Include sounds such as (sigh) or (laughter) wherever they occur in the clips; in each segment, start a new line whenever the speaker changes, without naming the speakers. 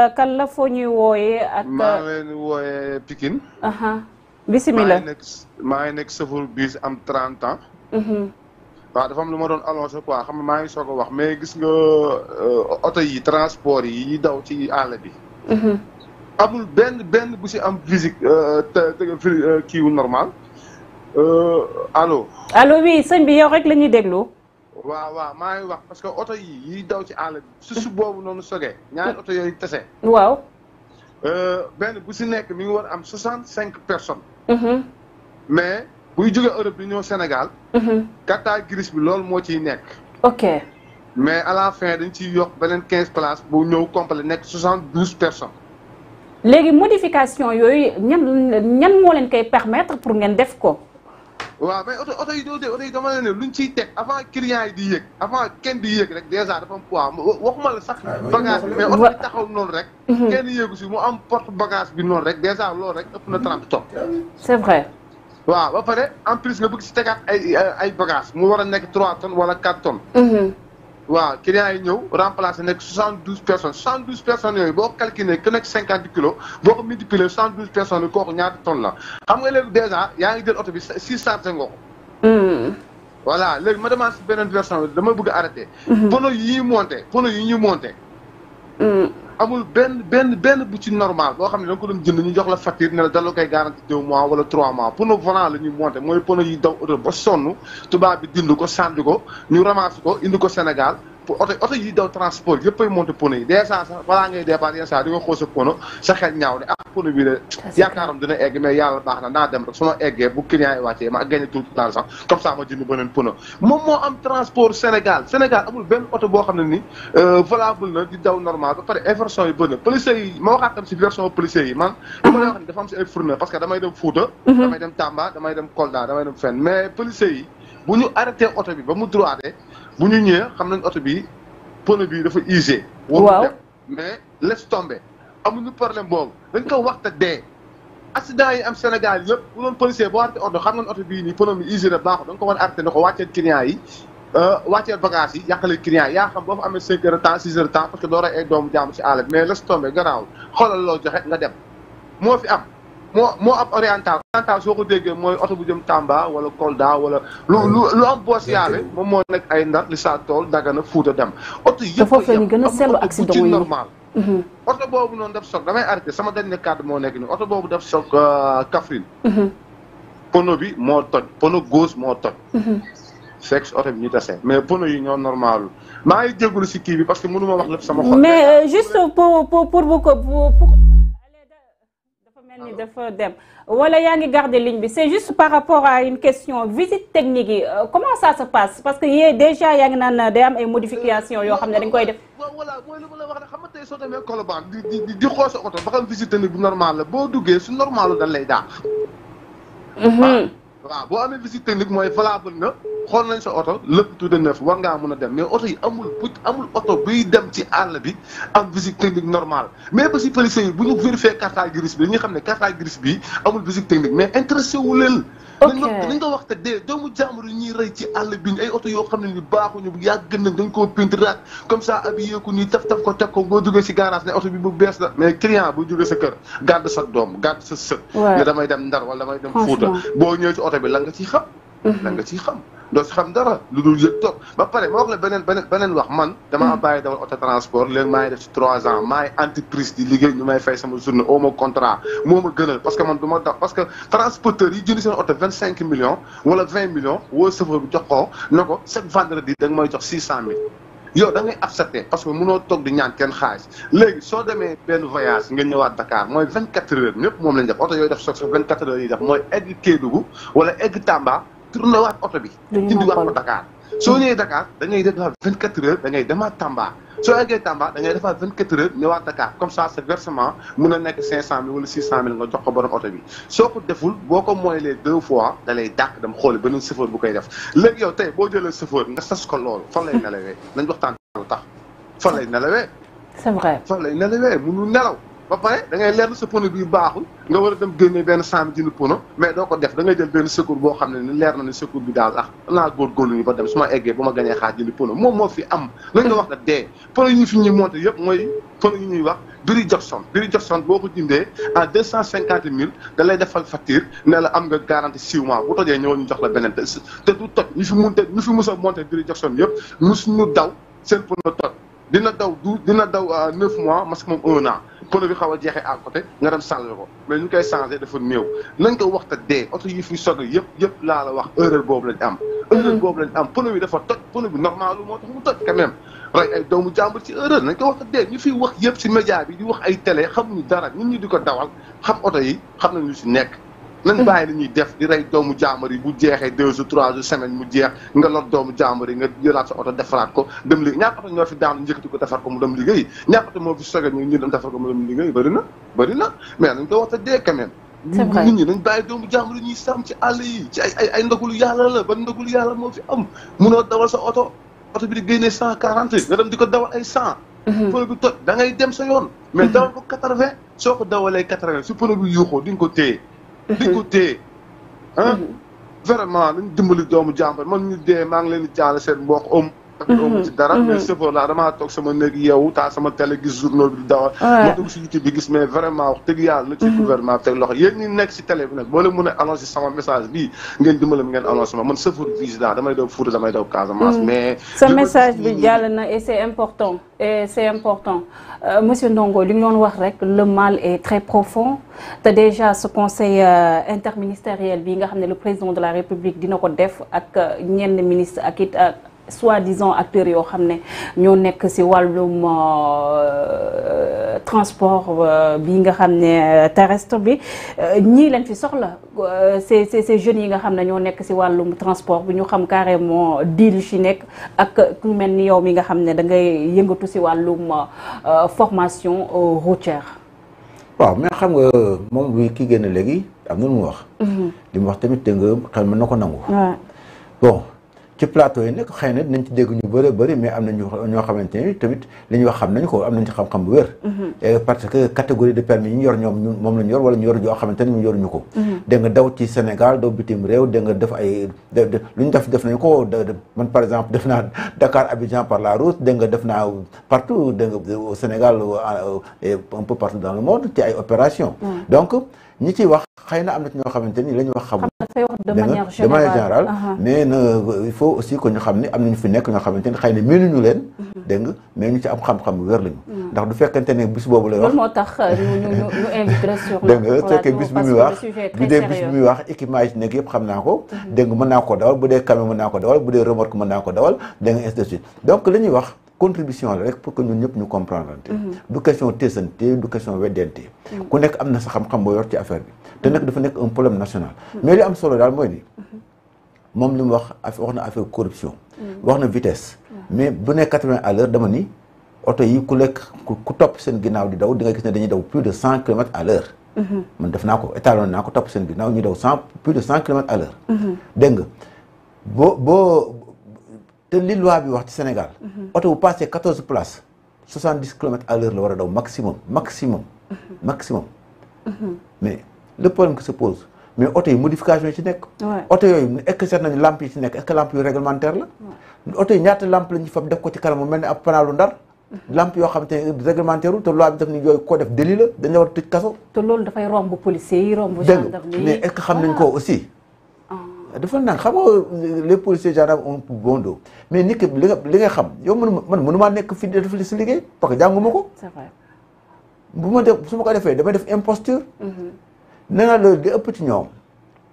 Euh, kan la foo ñuy wooyee ak. maa euh, ngi
leen wooyee Pikine. bisimilah maa nekk maa ngi nekk sëful bis am 30 ans. Mhm. waaw dafa lu ma doon allongé quoi xam nga maa ngi soog wax mais gis nga euh, oto yi transport yi yi daw ci àll bi. Mhm. amul benn benn bu si am physique te kiiwu normal allo.
allo oui sëñ bi yow rek la ñuy déglu.
waaw waaw maa ngi wax parce que oto yi yiy daw ci àll bi susu boobu noonu sogee ñaari oto yooyu tese. waaw. Euh, benn bu si nekk mi ngi war am soixante cinq personnes. Mm-hmm. mais buy jóge Europe di ñëw Sénégal. carte mm-hmm. grise bi loolu moo ciy nekk. ok mais à la fin dañ ciy yokk beneen quinze places bu ñëw complet nekk soixante douze personnes.
léegi modification yooyu ñan moo leen koy permettre pour ngeen def ko.
waaw mais oto oto yi doo dee oto yi dama ne luñ ciy teg avant client yi di yëg avant kenn di yëg rek dèjà dafa am poids waxuma la sax ah, bagage bi mais oto bi taxaw noonu rek mhm. kenn yëgu si mu am porte bagage bi noonu rek dèjà loolu rek ëpp na 30 tonnes ah c'est vrai waaw ba pare en plus nga bëgg si tegaat ay ay bagage mu war a nekk 3 tonnes wala 4 tonnes mhm. waaw clients yi ñëw remplacé nekk soixante douze personnes soixante douze personnes yooyu boo calculé ku nekk cinquante kilos boo ko multiplié soixante douze personnes yi kooku ñaata tonnes la xam nga léegi dèjà yaa ngi jël oto bi si chargé nga ko hmm. voilà léegi ma demande si beneen version dama bëgg arrêté hmm. pono yi ñuy monté pono yi ñuy monté hmm. amul benn benn benn bu ci normal boo xam ne da nga ko doon jënd ñu jox la facture ne la dala koy garanti deux mois wala trois mois pono volant la ñuy monté mooy pono yi daw oto ba sonn tubaab bi dind ko sànni ko ñu ramasse ko indi ko Sénégal oto oto yi daw transport yëpp ay monté pono yi des saa sax balaa ngay départ yenn saa di ko xool sa pono ñaaw ne ah pono bi de yaakaaram dina egg mais yàlla baax na naa dem rek su ma eggee bu client yi wàccee ma gagné tout l'argent comme ça ma jënd beneen pono moom moo am transport Sénégal Sénégal amul benn oto boo xam ne nii euh, valable na di daw normal ba pare inversion yi bëri na policiers yi ma waxaat tam si version yi man dama parce que damay dem Fouta mhm. damay dem Tamba damay dem Kolda damay dem fenn mais policiers yi bi ba mu droité bu ñu ñëwee xam nañ oto bi pneu bi dafa usé. waaw a laisse tomber amuñu problème boobu dañ ko waxta dee. accident yi am Sénégal yëpp bu doon policier boo arrêté oto xam nga oto bii nii pneu bi na baaxul nga ko war a arrêté ko wàcceel client yi euh, wàcceel bagage yi yàqale client yi yaa xam boo fa amee 5 heures de temps 6 heures de temps parce que doo joxe nga dem moo fi am. moo moo ab oriental oriental soo ko déggee mooy oto bu jëm Tamba wala Kolda wala lu lu lu am moom moo nekk ay Ndar li saa tool Dagana Fuuta dem oto yëpp foofu ñu gën a seetlu accident yi normal mhm. oto boobu noonu def soog damay arrêté sama dernier cadre moo nekk euh, mhm. bi moo toj pono gauche moo toj fekk mhm. oto bi ñu tase mais pono yi ñoo normalu maa ngi jégalu si kii bi parce que mënu ma wax lépp sama xol mais
euh, juste pour pour pour ni dem wala yaa ngi garder ligne bi c'est juste par rapport à une question visite technique yi euh, comment ça se passe parce que déjà yaa ngi naan euh, day am modification yoo xam ne dañ koy def. Euh,
di di di ba xam visite technique bu normal la boo duggee su normal dañ lay daax. waaw boo amee visite technique mooy valable na xool nañ sa oto lépp tuuti neuf war ngaa mën a dem mais oto yi amul bu oto buy dem ci àll bi am visite technique normale mais ba si policiers yi bu ñu vérifié carte grise bi dañuy xam ne carte grise bi amul visite technique mais intéressé wu leen nañ ko wax te dee doomu jàmbur yi ñuy rey ci àll bi ay oto yoo xam ne ni baaxuñu yàgg nañ dañ koo pintiraat comme ça ab yeeku nii taf taf ko teg ko boo duggee si garage ne oto bi bu bees la mais client bu jógee sa kër gàdd sa doom gàdd sa sët nga damay dem ndar wala may dem fuuta boo ñëwee ci oto bi langa nga ciy xam la nga ciy xam mhm. doo si xam dara lu dul yëg toog ba pare ma wax la beneen wax man. damaa hmm. bàyyi dawal auto transport léegi maa ngi def si trois ans hmm. maay entreprise di liggéey ñu may fay sama journée au ma contrat moo ma gënal parce que man du ma daw parce que transporteurs yi jënd seen oto vingt cinq millions wala vingt millions woo chauffeur bi jox ko na ko chaque vendredi da nga may jox six cent mille. yow da ngay accepté parce que mënoo toog di ñaan kenn xaalis léegi soo demee benn voyage nga ñëwaat Dakar mooy vingt quatre heures ñëpp moom lañ def oto yooyu def soog sax vingt tourné waat oto bi. indi waat ko Dakar. soo ñëwee Dakar da ngay defaat vingt quatre heures da ngay demaat Tamba soo eggee Tamba da ngay defaat vingt quatre heures ñëwaat Dakar comme ça sa versement mun na nekk cinq cent mille wala six cent mille nga jox ko borom oto bi soo ko deful boo ko moyelee deux fois da lay dàq dem xooli beneen chauffeur bu koy def léegi yow tey boo jëlee chauffeur nga sas ko loolu fan lay nelawee nañ waxtaan lu tax fan lay nelawee. c'est vrai fan lay nelawee mënul ba pare dangay ngay leer sa pono bi baaxul nga war a dem génne benn cent junni pono mais doo ko def da ngay jël benn secours boo xam ne ni leer na ne secours bi daal ah naa góorgóorlu ñu ba dem su ma eggee ba ma gañee xaaj junni pono moom moo fi am lañ nga wax fi ñuy yëpp mooy pono yi ñuy wax biri Jackson biri boo ko jëndee à deux cent cinquante da lay defal facture am nga garantie six mois bu tojee ñëw ñu jox la beneen te du toj ñu fi munte ñu fi mus a monté biri Jackson daw seen pono toj dina daw du dina daw neuf mois mas moom un an pneu bi xaw a jeexee à côté nga dem changé mais ñu koy changé dafa néew nañ ko waxta dee oto yi fi sog yëpp yëpp laa la wax erreur boobu lañ am mm-hmm. erreur boobu lañ am pneu bi dafa toj pneu bi normal lu moo tax mu toj quand même rey ay doomu jàmbur ci erreur nañ ko waxta dee ñu fiy wax yëpp si média bi di wax ay télé xamuñu dara ñun ñu di ko dawal xam oto yi xam nañ ñu si nekk nañ bàyyi li ñuy def di rey doomu jaamar bu jeexee deux jours trois nga lor doomu jaamar yi nga jëlaat oto defaraat ko dem ko defar ko mu dem liggéey ñaata oto moo fi soge ñu ñu dem defar ko mu dem liggéey bëri na bëri na mais nañ ñuy sàmm ci àll yi ci ay ndogulu yàlla la ba ndogulu yàlla moo fi am munoo dawal sa oto oto bi di génnee cent quarante nga dem di ko dawal ay cent mm-hmm. ngay dem sa yoon mais dawal ko quatre soo ko dawalee quatre su pneu bi yuuxoo di nga ko téye di ko téye ah vraiment nañ dimbali doomu jàmbur man ñu dee maa ngi leen di jaale seen mbok om um. parce que amu ci dara mais sëfoor laa damaa toog sama néeg yeewu taa sama télé gis journal bi dawal ma dugg si YouTube bi gis mais vraiment wax dëgg yàlla na ci gouvernement bi teg loxo yéen ñi nekk si télé bi nag boo leen mën a annoncé sama message bii ngeen dimbali ngeen annoncé ma man sëfoor président damay daw Fouta damay daw Casamance message bi jàll
na et c'est important et euh, monsieur Ndongo li ñu doon wax rek le mal est très profond te déjà ce conseil euh, interministériel bi nga xam ne le président de dina ko def ak euh, ñenn ministre ak it soi-disant acteurs yoo xam ne ñoo nekk ci wàllum euh, transport euh, bi nga xam ne euh, terrestre bi ñii leen fi soxla ces ces ces jeunes yi nga xam ne ñoo nekk ci wàllum transport bu ñu xam carrément deal ci nekk ak ku mel ni yow mi nga xam ne da ngay yëngatu ci wàllum formation routière.
waaw mais xam nga moom bi ki génn léegi am na lu mu wax. Mhm. li wax tamit dégg xel mën na ko
nangu.
ci plateau yi nekk xëy na dinañ ci dégg ñu bëri bëri mais am na ñu ñoo xamante ni tamit li ñuy wax xam nañ ko am nañ ci xam-xam bu wér mhm. parce que catégorie de permis yi ñu yor ñoom ñu moom la ñu yor wala ñu yor joo xamante ni ñu yoruñu ko mhm. da nga daw ci Sénégal daw bitim réew da def ay lu ñu def def nañ ko man par exemple def naa (laughs) Dakar Abidjan par la route da nga def naa partout da nga au Sénégal un peu partout dans le monde ci ay opération mhm. donc ñi ciy wax xëy na am na ci ñoo xamante ni la ñu wax xamul
de manière générale mais
na il faut aussi ko ñu xam ni am ñu fi nekk ñoo xamante ni xëy na mënuñu leen mhm. dégg nga mais ñu ci am xam-xam wér lañu mhm. ndax du fekkente ne bis boobu lay wax moo
tax euh, (laughs) dégg nga fekkee bis bi muy wax bu dee bis muy
wax équipement yi ci nekk yëpp xam naa ko mhm. dégg nga mën naa ko dawal bu dee camion mën naa ko dawal bu dee remorque mën naa ko dawal dégg nga ainsi donc li ñuy wax contribution la rek pour que ñun ñëpp ñu comprendre te mhm. du question teesante du question weddente mhm. ku nekk am na sa xam-xam boo yor ci affaire bi te nag mhm. dafa nekk un problème national mais li am solo daal mooy ni moom li wax wax na affaire corruption wax na vitesse mais bu ne quatre-vingts à l'heure dama ni oto yi ku lekk ku topp seen ginnaaw di daw di nga seen daw plus de cent kilomètres à l'heure dégg boo te li loi bi wax ci Sénégal. Mhm. oto bu passé quatorze places soixante dix kilomètres à l'heure la war a daw maximum maximum. Mhm. maximum. Mhm. mais le problème qui se pose mais oto yi modification yi ci nekk. oto yooyu est-ce que nañu lampe yi ci nekk est-ce que lampe yu réglementaire la. oto yi ñaata lampe la fab def ko ci kanam mu mel ne ab panaalu ndar. lampe yoo xam te ne réglementaire te loi bi daf ni yooyu koo def délit la war tëj kaso. te loolu dafay romb policiers yi romb gendarmerie xam nañ ah. ko aussi. dafa naan xam nga les policiers gendarmes ont pour bon dos mais nit li li nga xam yow mënu man mënu maa nekk fii def li si liggéey parce que jànguma ko. c'est vrai bu ma def su ma ko defee damay def imposture. Mm-hmm. nee naa loolu di ëpp ci ñoom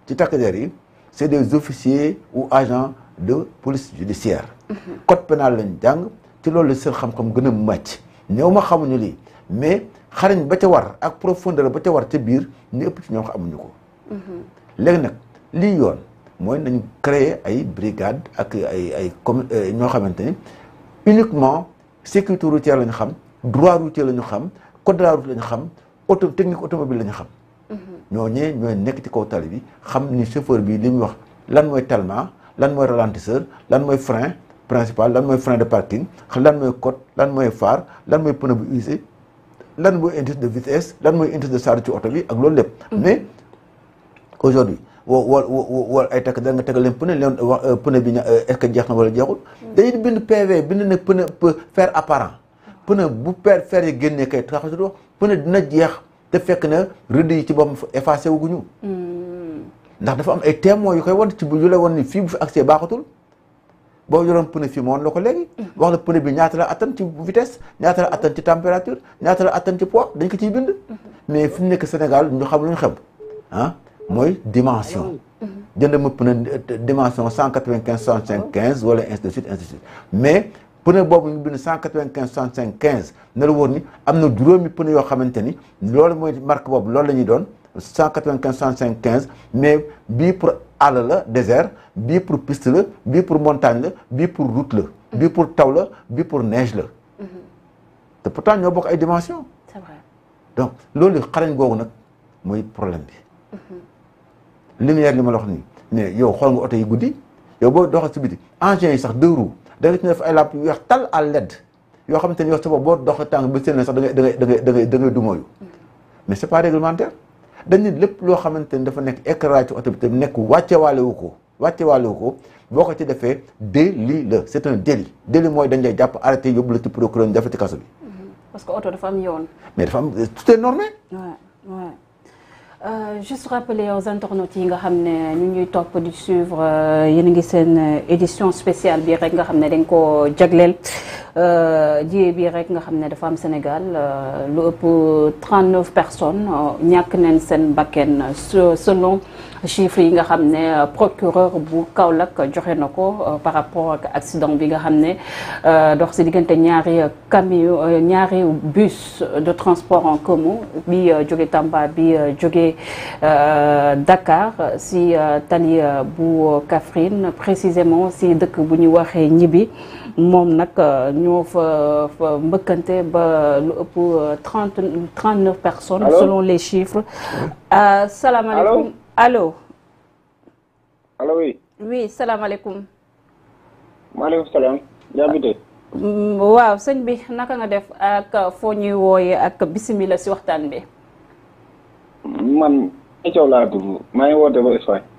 ci takk der yi c'est des officiers ou agent de police judiciaire. Mm-hmm. code pénal lañ jàng ci loolu seen xam-xam gën a màcc néew ma xamuñu lii mais xarañ ba ca war ak profondeur ba ca war ca biir ñu ëpp ci ñoom amuñu ko. Mm-hmm. léegi nag lii yoon. mooy nañu créer ay brigade ak ay ay comme euh, ñoo xamante ni uniquement sécurité routière la ñu xam droit routier la ñu xam code de la route la ñu xam auto technique automobile la ñu xam. Mm-hmm. ñooñee ñooy nekk ci kaw tali bi xam ni chauffeur bi li muy wax lan mooy talma lan mooy ralentisseur lan mooy frein principal lan mooy frein de parking lan mooy code lan mooy phare lan mooy pneu bu usé lan mooy indice de vitesse lan mooy indice de charge ci oto bi ak loolu lépp. Mm-hmm. mais woo woo woo ay takk da nga tegal leen pneu leen wax euh, pneu bi euh, est-ce que jeex na wala jeexul. Hmm. dañuy bind PV bind na pneu faire apparent. pneu bu per fer yi génnee kay tax du wax pneu dina jeex te fekk na rëdd yi ci boppam effacé wu ñu.
Hmm.
ndax dafa am ay témoins yu koy wan ci bu ñu la wan ni fii bu fi accès baaxatul. boo yoroon pneu fii moon la ko léegi. Hmm. wax la pneu bi ñaata la attan ci vitesse ñaata la attan ci température ñaatala la attan ci poids dañ ko ciy bind. mais fi mu nekk Sénégal ñu xam lu ñu xam ah. mooy dimension jënd ma pneu dimension cent quatre vingt quinze cent cinq quinze wala ainsi de suite ainsi mais pneu boobu ñu bind cent quatre vingt quinze soixante cinq quinze na la wóor ni am na juróomi pneu yoo xamante ni loolu mooy marque boobu loolu la ñuy doon cent quatre vingt quinze soixante cinq quinze mais bii pour àll la désert bii pour piste la bii pour montagne la bii pour route la bii pour taw la bi pour neige la te pourtant ñoo bokk ay dimension c'est vrai donc loolu xarañ googu nag mooy problème bi Mhm. lumière li nii mais yow xool nga oto yi guddi yow boo doxal si biti sax deux roues da nga ci def ay làmp yu weex tal à led yoo xamante ni yow sa bopp boo doxee tànk ba seen sax da da ngay lépp loo xamante ni dafa nekk éclairage ci oto bi nekk wàccewaale wu ko wàccewaale wu ko boo ko ci defee délit la c'est un délit délit mooy dañ lay jàpp arrêté yóbbu la ci procureur ñu defati kaso bi.
Mhm. parce que oto dafa am yoon.
mais dafa am tout est
Euh, juste rappeler aux internautes yi nga xam ne ñu ñuy topp di suivre euh, yéen a ngi seen euh, édition spéciale bi rek nga xam ne dañ koo jagleel jiyee euh, bi rek nga xam ne dafa am Sénégal lu ëpp 39 personnes ñàkk neen seen bakken selon chiffres yi nga xam ne euh, procureur bu Kaolack joxe na ko euh, par rapport ak accident bi nga xam ne euh, dox si diggante ñaari camion ñaari bus de transport en commun bi joge Tamba bi joge Dakar si tali bu Kaffrine précisément si dëkk bu ñu waxee ñibbi moom nag ñoo fa fa mbëkkante ba lu ëpp trente trente neuf personnes. selon les chiffres. salaamaaleykum. allo. allo oui. oui salaamaaleykum. maaleykum
salaam.
jaabite.
Mm, waaw sëñ bi naka nga def ak foo ñuy wooye ak bisimilah si waxtaan bi.
man. Caaw laa tudd maa ngi woote